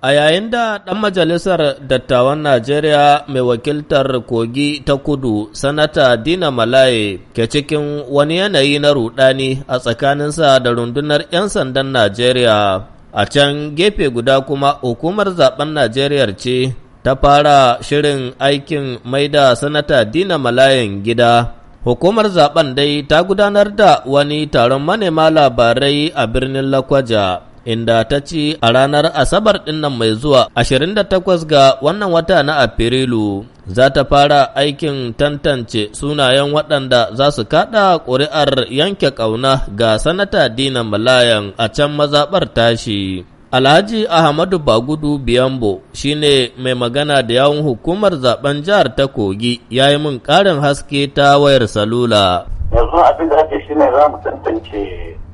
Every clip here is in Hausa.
A yayin da ɗan majalisar dattawan Najeriya mai wakiltar kogi ta kudu, Sanata Dina Malaye ke cikin wani yanayi na rudani a tsakaninsa da rundunar 'yan sandan Najeriya. A can gefe guda kuma hukumar zaben Najeriya ce ta fara shirin aikin mai da Sanata Dina Malayen gida. Hukumar zaben dai ta gudanar da wani taron manema labarai a birnin Lakwaja. inda ta ce a ranar Asabar ɗinnan mai zuwa 28 ga wannan wata na Afrilu za ta fara aikin tantance sunayen waɗanda za su kaɗa ƙuri'ar yanke ƙauna ga sanata Dina Malayan a can mazaɓar tashi. Alhaji Ahmadu Bagudu Biyambo shi ne mai magana da yawun hukumar zaben jihar ta Kogi ya yi min ƙarin haske ta wayar salula. Yanzu abin da ake shi ne za mu tantance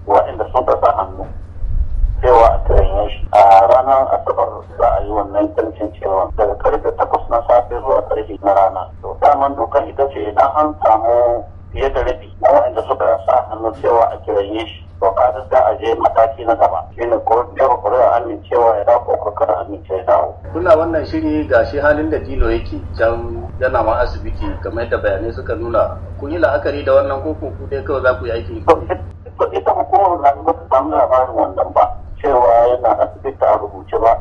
waɗanda sun kasa hannu. ranar asabar za a yi wannan cewa. daga karfe takwas na safe zuwa karfe na rana to daman dokar ita ce idan an samu fiye da rabi na waɗanda suka sa hannu cewa a kiraye shi to ka za a je mataki na gaba shine ko jawa kuri'a amincewa ya dawo ko kada amince ya dawo kuna wannan shiri ga shi halin da dilo yake can yana ma asibiti kamar yadda bayanai suka nuna kun yi la'akari da wannan ko ku dai kawai za ku yi aiki ita hukumar zaɓe ba ta labarin wanda cewa yana rubuce ba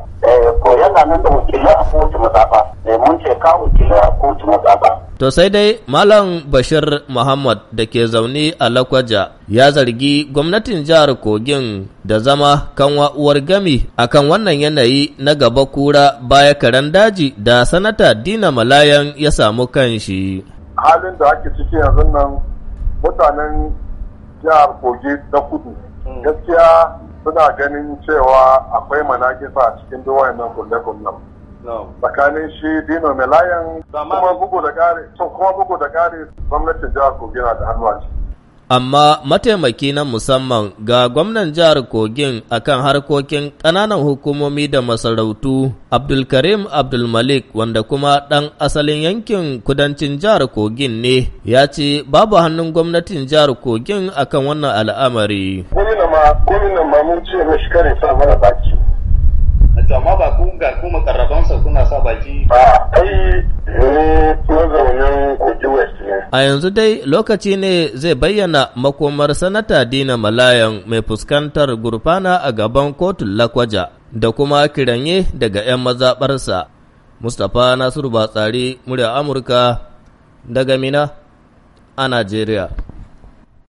ko eh, yana nan da wakilai a kowace mazaɓa eh, mun ce ka wakilai a kotu mazaɓa. To sai dai Malam Bashir Muhammad da ke zaune a Lakwaja ya zargi gwamnatin jihar Kogin da zama kanwa uwar gami kan wannan yanayi na gaba kura baya karan daji da sanata Dina Malayan ya samu kanshi. Halin da ake ciki yanzu nan mutanen jihar Kogi ta kudu hmm. gaskiya suna ganin cewa akwai manakisa a cikin duwayen nan kulle tsakanin shi dino melayan kuma bugu da kare gwamnatin jihar kogi na da hannu a ciki amma mataimaki na musamman ga gwamnan jihar Kogin akan harkokin ƙananan hukumomi da masarautu Abdulkarim Abdulmalik wanda kuma ɗan asalin yankin kudancin jihar Kogin ne ya ce babu hannun gwamnatin jihar Kogin kan wannan al'amari. ba ga kuma kuna sa baki. Ba A yanzu dai lokaci ne zai bayyana makomar sanata Dina Malayan mai fuskantar gurfana a gaban kotun Lakwaja da kuma kiranye daga 'yan mazaɓarsa. Mustapha Nasiru Batsari, murya Amurka, daga Mina a Najeriya.